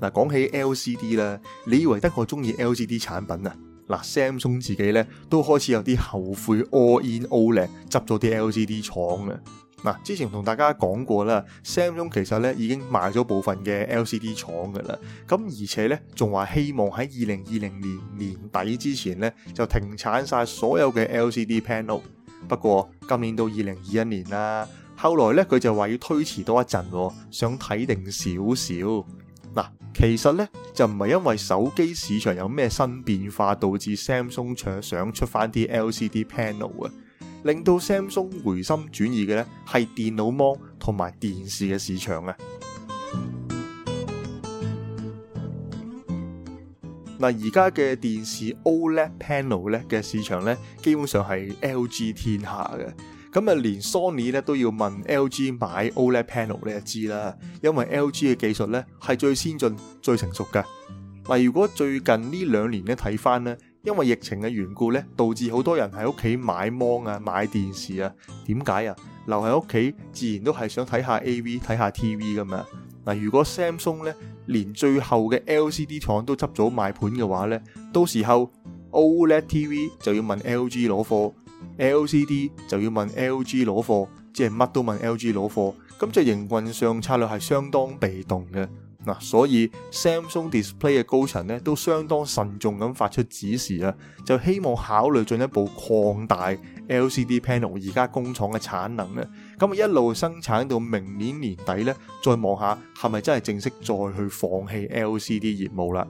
嗱，講起 LCD 啦，你以為得我中意 LCD 產品啊？嗱，Samsung 自己咧都開始有啲後悔 all in all in，執咗啲 LCD 廠啊！嗱，之前同大家講過啦，Samsung 其實咧已經賣咗部分嘅 LCD 廠㗎啦，咁而且咧仲話希望喺二零二零年年底之前咧就停產晒所有嘅 LCD panel。不過今年到二零二一年啦，後來咧佢就話要推遲多一陣，想睇定少少。嗱，其實咧就唔係因為手機市場有咩新變化導致 Samsung 想出翻啲 LCD panel 啊，令到 Samsung 回心轉意嘅咧係電腦芒同埋電視嘅市場啊。嗱，而家嘅電視 OLED panel 咧嘅市場咧，基本上係 LG 天下嘅。咁啊，連 Sony 咧都要問 LG 買 OLED panel，你就知啦。因為 LG 嘅技術咧係最先進、最成熟嘅。嗱，如果最近呢兩年咧睇返咧，因為疫情嘅緣故咧，導致好多人喺屋企買芒啊、買電視啊，點解啊？留喺屋企自然都係想睇下 AV、睇下 TV 㗎嘛！嗱，如果 Samsung 咧連最後嘅 LCD 廠都執咗賣盤嘅話咧，到時候 OLED TV 就要問 LG 攞貨。LCD 就要問 LG 攞貨，即係乜都問 LG 攞貨，咁就係營運上差率係相當被動嘅。嗱，所以 Samsung Display 嘅高層呢都相當慎重咁發出指示啦，就希望考慮進一步擴大 LCD panel 而家工廠嘅產能咧，咁一路生產到明年年底咧，再望下係咪真係正式再去放棄 LCD 業務啦。